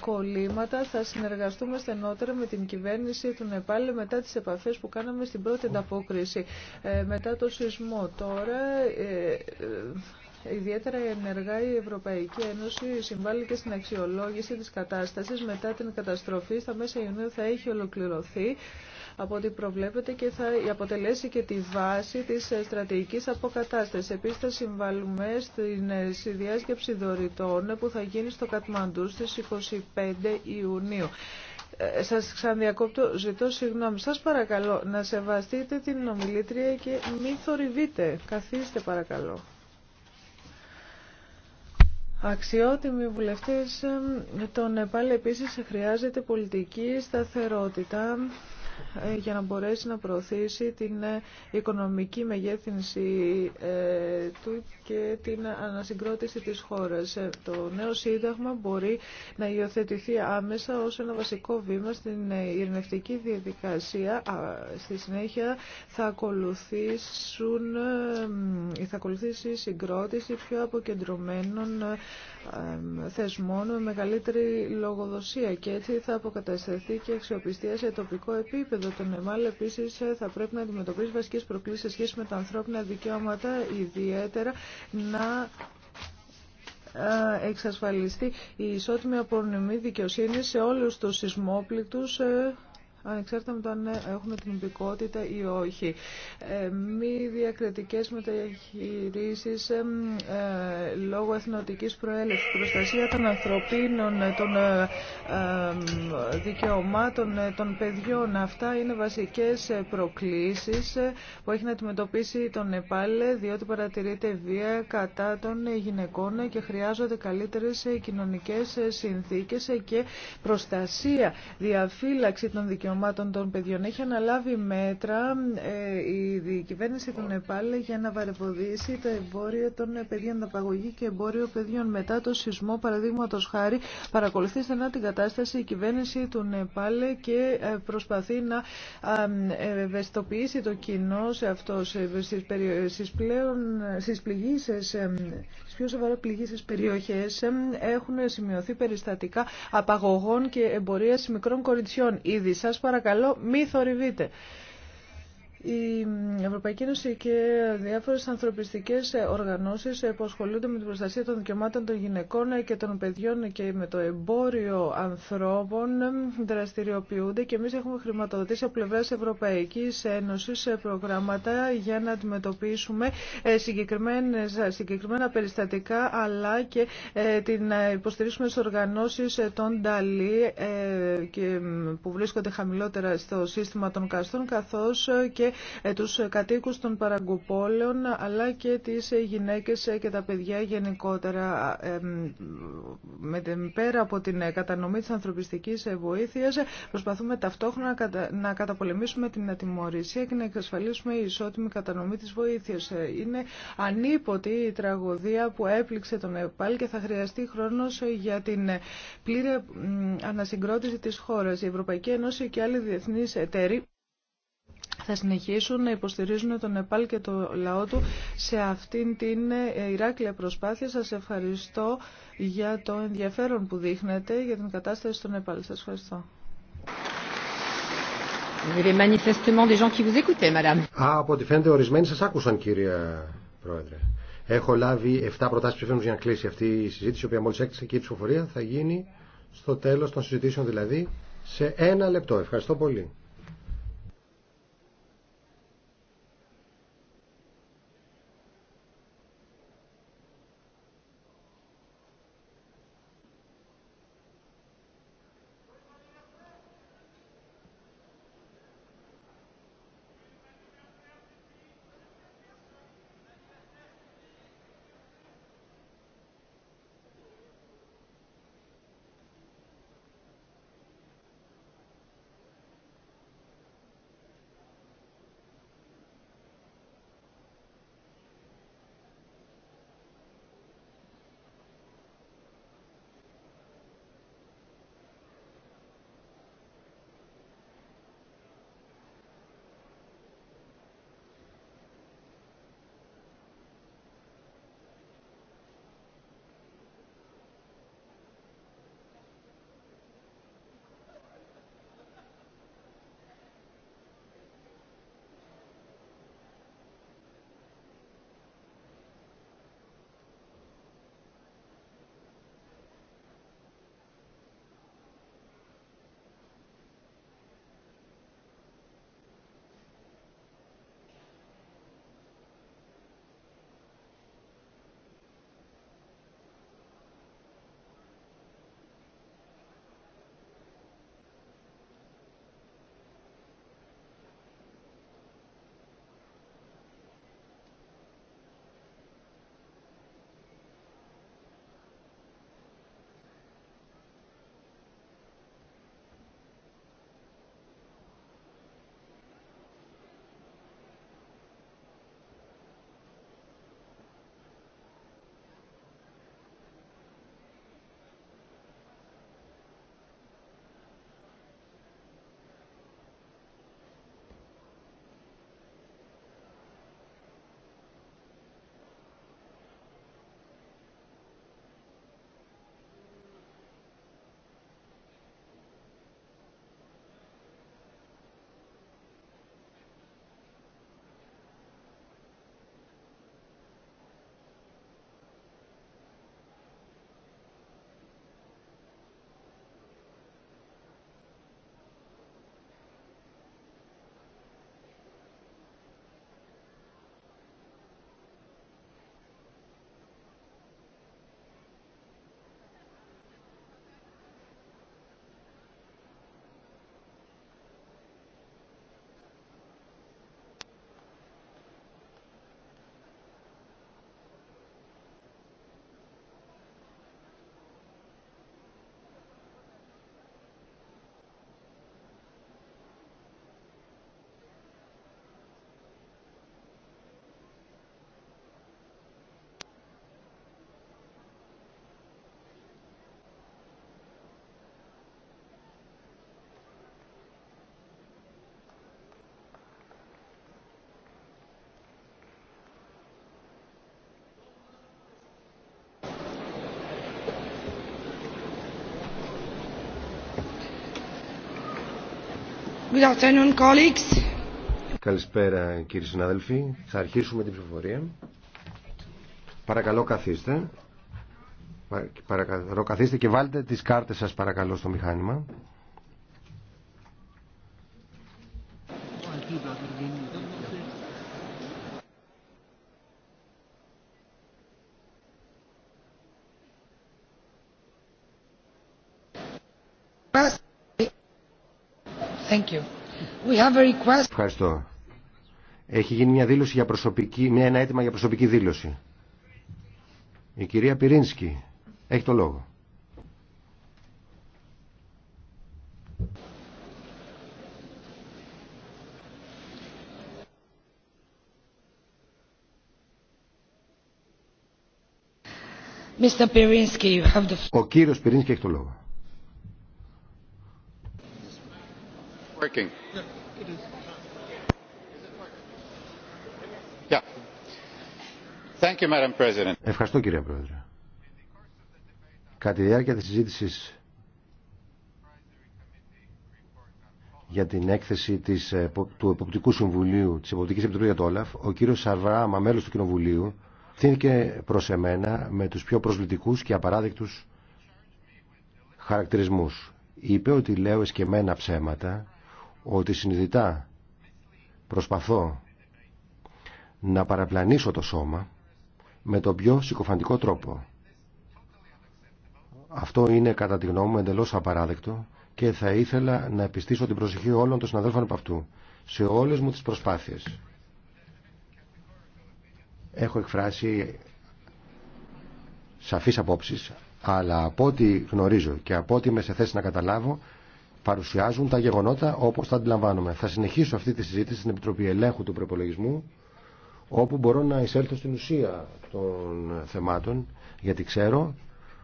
κολλήματα θα συνεργαστούμε στενότερα με την κυβέρνηση του Νεπάλ μετά τις επαφές που κάναμε στην πρώτη ανταπόκριση μετά το σεισμό. Τώρα ε, ε, ιδιαίτερα ενεργά η Ευρωπαϊκή Ένωση συμβάλλει και στην αξιολόγηση της κατάστασης μετά την καταστροφή στα μέσα Ιουνίου θα έχει ολοκληρωθεί από ό,τι προβλέπεται και θα αποτελέσει και τη βάση της ε, στρατηγικής αποκατάστασης. Επίσης θα συμβάλλουμε στην συνδιάσκεψη δωρητών που θα γίνει στο Κατμαντού στις 25 Ιουνίου. Σας ξανδιακόπτω, ζητώ συγγνώμη. Σας παρακαλώ να σεβαστείτε την ομιλήτρια και μην θορυβείτε. Καθίστε παρακαλώ. Αξιότιμοι βουλευτές, ε, τον Νεπάλ επίσης χρειάζεται πολιτική σταθερότητα ε, για να μπορέσει να προωθήσει την ε, οικονομική μεγέθυνση ε, του και την ανασυγκρότηση της χώρας. Το νέο σύνταγμα μπορεί να υιοθετηθεί άμεσα ως ένα βασικό βήμα στην ειρηνευτική διαδικασία. Στη συνέχεια θα, ακολουθήσουν, θα ακολουθήσει η συγκρότηση πιο αποκεντρωμένων θεσμών με μεγαλύτερη λογοδοσία και έτσι θα αποκατασταθεί και αξιοπιστία σε τοπικό επίπεδο επίπεδο των ΕΜΑΛ επίση ε, θα πρέπει να αντιμετωπίσει βασικέ προκλήσει σε σχέση με τα ανθρώπινα δικαιώματα, ιδιαίτερα να ε, εξασφαλιστεί η ισότιμη απονομή δικαιοσύνη σε όλους τους σεισμόπληκτους ε, ανεξάρτητα με το αν έχουμε την υπηκότητα ή όχι. Ε, μη διακριτικές μεταχειρήσεις ε, ε, λόγω εθνοτικής προέλευσης, προστασία των ανθρωπίνων, των δικαιωμάτων των παιδιών. Αυτά είναι βασικές προκλήσεις που έχει να αντιμετωπίσει τον ΕΠΑΛ, διότι παρατηρείται βία κατά των γυναικών και χρειάζονται καλύτερες κοινωνικές συνθήκες και προστασία, διαφύλαξη των δικαιωμάτων δικαιωμάτων των Έχει αναλάβει μέτρα ε, η κυβέρνηση του Νεπάλ για να βαρεποδίσει το εμπόριο των παιδιών, τα παγωγή και εμπόριο παιδιών. Μετά το σεισμό, παραδείγματο χάρη, παρακολουθεί στενά την κατάσταση η κυβέρνηση του Νεπάλ και ε, προσπαθεί να ευαισθητοποιήσει το κοινό σε αυτό, στις πλέον στις πιο σοβαρά στι περιοχέ έχουν σημειωθεί περιστατικά απαγωγών και εμπορία μικρών κοριτσιών. Ήδη σα παρακαλώ μη θορυβείτε. Η Ευρωπαϊκή Ένωση και διάφορε ανθρωπιστικέ οργανώσει που ασχολούνται με την προστασία των δικαιωμάτων των γυναικών και των παιδιών και με το εμπόριο ανθρώπων δραστηριοποιούνται και εμεί έχουμε χρηματοδοτήσει από πλευρά Ευρωπαϊκή Ένωσης προγράμματα για να αντιμετωπίσουμε ε, συγκεκριμένα περιστατικά αλλά και ε, την ε, υποστηρίξουμε τι οργανώσεις των Νταλή που βρίσκονται χαμηλότερα στο σύστημα των καστών καθώ και ε, τους κατοίκους των παραγκοπόλεων αλλά και τις γυναίκες και τα παιδιά γενικότερα. Πέρα από την ε, κατανομή της ανθρωπιστικής ε, βοήθειας προσπαθούμε ταυτόχρονα να καταπολεμήσουμε την ατιμορρησία και να εξασφαλίσουμε η ισότιμη κατανομή της βοήθειας. Είναι ανίποτη η τραγωδία που έπληξε τον ΕΠΑΛ και θα χρειαστεί χρόνος για την πλήρη ανασυγκρότηση της χώρας. Η Ευρωπαϊκή Ένωση και άλλοι διεθνείς εταίροι θα συνεχίσουν να υποστηρίζουν τον Νεπάλ και το λαό του σε αυτήν την ε, Ηράκλεια προσπάθεια. Σα ευχαριστώ για το ενδιαφέρον που δείχνετε για την κατάσταση στον Νεπάλ. Σα ευχαριστώ. Α, από ό,τι φαίνεται ορισμένοι σα άκουσαν κύριε Πρόεδρε. Έχω λάβει 7 προτάσει ψηφίσματος για να κλείσει αυτή η συζήτηση, η οποία μόλι έκλεισε και η ψηφοφορία θα γίνει στο τέλο των συζητήσεων, δηλαδή σε ένα λεπτό. Ευχαριστώ πολύ. Good afternoon, colleagues. Καλησπέρα κύριοι συνάδελφοι. Θα αρχίσουμε την ψηφοφορία. Παρακαλώ καθίστε. Παρακαλώ καθίστε και βάλτε τις κάρτες σας παρακαλώ στο μηχάνημα. Ευχαριστώ. Έχει γίνει μια δήλωση για προσωπική, μια ένα αίτημα για προσωπική δήλωση. Η κυρία Πυρίνσκι έχει το λόγο. Mr. you have the... Ο κύριος Πυρίνσκι έχει το λόγο. working. Ευχαριστώ κύριε Πρόεδρε. Κατά τη διάρκεια της συζήτησης για την έκθεση της, ε, του Εποπτικού Συμβουλίου της Εποπτικής Επιτροπής για το Όλαφ, ο κύριος Σαρβράμα, μέλος του Κοινοβουλίου, θύνηκε προς εμένα με τους πιο προσβλητικούς και απαράδεκτους χαρακτηρισμούς. Είπε ότι λέω εσκεμμένα ψέματα ότι συνειδητά προσπαθώ να παραπλανήσω το σώμα με τον πιο συκοφαντικό τρόπο. Αυτό είναι κατά τη γνώμη μου εντελώς απαράδεκτο και θα ήθελα να επιστήσω την προσοχή όλων των συναδέλφων από αυτού σε όλες μου τις προσπάθειες. Έχω εκφράσει σαφείς απόψεις, αλλά από ό,τι γνωρίζω και από ό,τι είμαι σε θέση να καταλάβω, παρουσιάζουν τα γεγονότα όπως τα αντιλαμβάνομαι. Θα συνεχίσω αυτή τη συζήτηση στην Επιτροπή Ελέγχου του Προπολογισμού όπου μπορώ να εισέλθω στην ουσία των θεμάτων γιατί ξέρω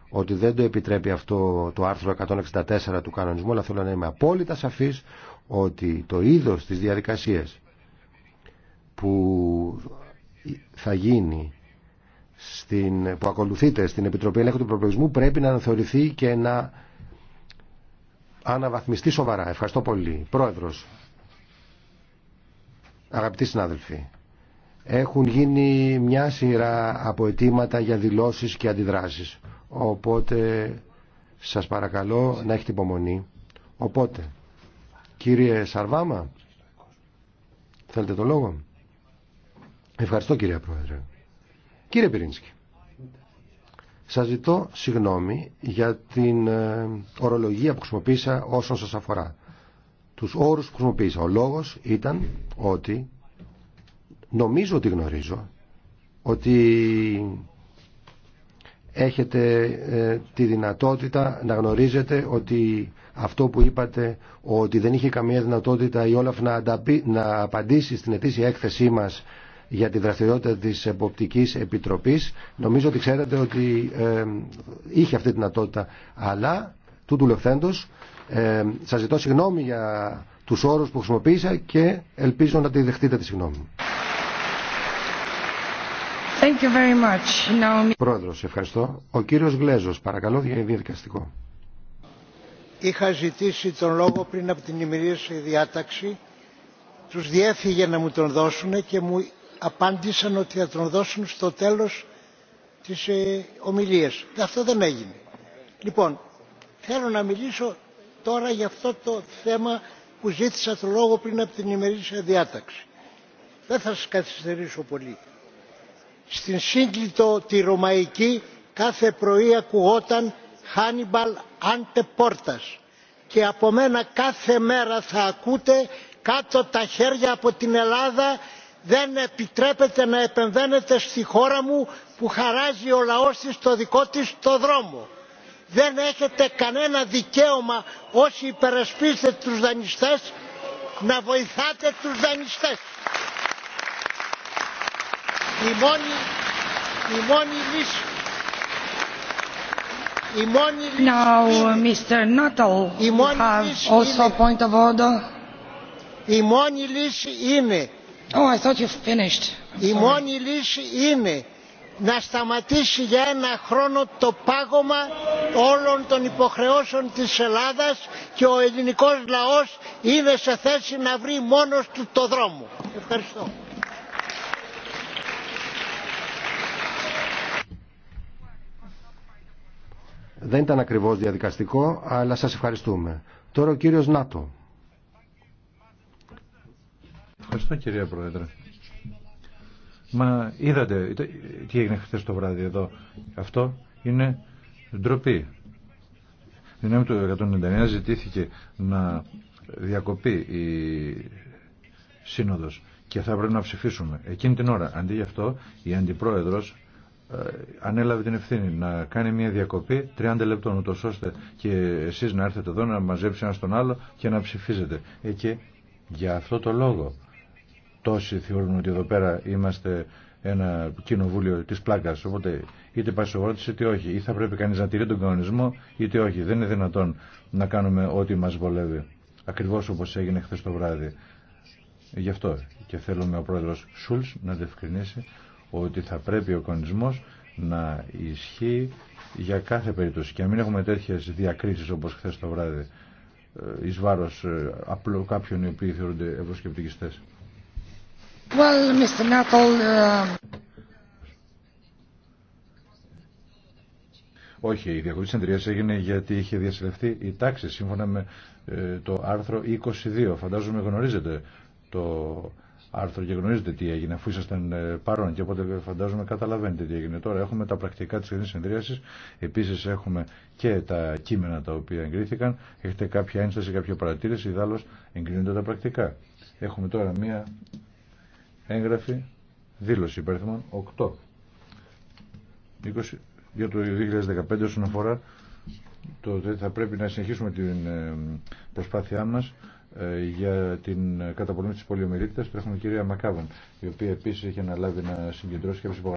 ότι δεν το επιτρέπει αυτό το άρθρο 164 του κανονισμού αλλά θέλω να είμαι απόλυτα σαφής ότι το είδος της διαδικασίας που θα γίνει στην, που ακολουθείται στην Επιτροπή Ελέγχου του Προπολογισμού πρέπει να αναθεωρηθεί και να αναβαθμιστεί σοβαρά. Ευχαριστώ πολύ. Πρόεδρος, αγαπητοί συνάδελφοι, έχουν γίνει μια σειρά από για δηλώσεις και αντιδράσεις. Οπότε σας παρακαλώ να έχετε υπομονή. Οπότε, κύριε Σαρβάμα, θέλετε το λόγο. Ευχαριστώ κύριε Πρόεδρε. Κύριε Πυρίνσκι, σας ζητώ συγγνώμη για την ε, ορολογία που χρησιμοποίησα όσον σας αφορά. Τους όρους που χρησιμοποίησα. Ο λόγος ήταν ότι νομίζω ότι γνωρίζω ότι έχετε ε, τη δυνατότητα να γνωρίζετε ότι αυτό που είπατε ότι δεν είχε καμία δυνατότητα η Όλαφ να, να απαντήσει στην ετήσια έκθεσή μας για τη δραστηριότητα της Εποπτικής Επιτροπής. Νομίζω ότι ξέρετε ότι ε, είχε αυτή τη δυνατότητα, αλλά τούτου λεχθέντος ε, σας ζητώ συγγνώμη για τους όρους που χρησιμοποίησα και ελπίζω να τη δεχτείτε τη συγγνώμη. Thank you very much. Πρόεδρος, ευχαριστώ. Ο κύριος Γλέζος, παρακαλώ, για διαδικαστικό. Είχα ζητήσει τον λόγο πριν από την ημερήσια διάταξη. Τους διέφυγε να μου τον δώσουν και μου απάντησαν ότι θα τον δώσουν στο τέλος της ε, ομιλίας. Αυτό δεν έγινε. Λοιπόν, θέλω να μιλήσω τώρα για αυτό το θέμα που ζήτησα το λόγο πριν από την ημερήσια διάταξη. Δεν θα σας καθυστερήσω πολύ. Στην σύγκλιτο τη Ρωμαϊκή κάθε πρωί ακουγόταν «Χάνιμπαλ άντε πόρτας» και από μένα κάθε μέρα θα ακούτε κάτω τα χέρια από την Ελλάδα δεν επιτρέπεται να επεμβαίνετε στη χώρα μου που χαράζει ο λαός της το δικό της το δρόμο. Δεν έχετε κανένα δικαίωμα όσοι υπερασπίζετε τους δανειστές να βοηθάτε τους δανειστές. Η μόνη, Mr. Nuttall, have Η μόνη λύση είναι Oh, Η μόνη λύση είναι να σταματήσει για ένα χρόνο το πάγωμα όλων των υποχρεώσεων της Ελλάδας και ο ελληνικός λαός είναι σε θέση να βρει μόνος του το δρόμο. Ευχαριστώ. Δεν ήταν ακριβώς διαδικαστικό, αλλά σας ευχαριστούμε. Τώρα ο κύριος Νάτο. Ευχαριστώ κυρία Πρόεδρε. Μα είδατε τι έγινε χθε το βράδυ εδώ. Αυτό είναι ντροπή. Δυνάμει του 199 ζητήθηκε να διακοπεί η σύνοδος και θα πρέπει να ψηφίσουμε. Εκείνη την ώρα, αντί γι' αυτό, η αντιπρόεδρος ε, ανέλαβε την ευθύνη να κάνει μια διακοπή 30 λεπτών ούτως ώστε και εσείς να έρθετε εδώ να μαζέψετε ένα στον άλλο και να ψηφίζετε. Ε, και για αυτό το λόγο τόσοι θεωρούν ότι εδώ πέρα είμαστε ένα κοινοβούλιο τη πλάκα. Οπότε είτε πάει σοβαρότητα είτε όχι. Ή θα πρέπει κανεί να τηρεί τον κανονισμό είτε όχι. Δεν είναι δυνατόν να κάνουμε ό,τι μα βολεύει. Ακριβώ όπω έγινε χθε το βράδυ. Γι' αυτό και θέλουμε ο πρόεδρο Σούλ να διευκρινίσει ότι θα πρέπει ο κανονισμό να ισχύει για κάθε περίπτωση και να μην έχουμε τέτοιε διακρίσει όπω χθε το βράδυ ε, ει βάρο ε, κάποιων οι οποίοι θεωρούνται ευρωσκεπτικιστέ. Well, Mr. Nuttall, um... Όχι, η διακοπή συνεδρίας έγινε γιατί είχε διασυνδευτεί η τάξη σύμφωνα με ε, το άρθρο 22. Φαντάζομαι γνωρίζετε το άρθρο και γνωρίζετε τι έγινε αφού ήσασταν ε, παρόν και οπότε φαντάζομαι καταλαβαίνετε τι έγινε. Τώρα έχουμε τα πρακτικά της κοινής συνεδρίασης, επίσης έχουμε και τα κείμενα τα οποία εγκρίθηκαν. Έχετε κάποια ένσταση, κάποια παρατήρηση, ιδάλλως εγκρίνονται τα πρακτικά. Έχουμε τώρα μία έγγραφη δήλωση υπαριθμών 8 20, για το 2015 όσον αφορά το ότι θα πρέπει να συνεχίσουμε την ε, προσπάθειά μας ε, για την καταπολέμηση της πολιομυρίτητας τρέχουμε έχουμε κυρία Μακάβαν, η οποία επίσης έχει αναλάβει να συγκεντρώσει κάποιες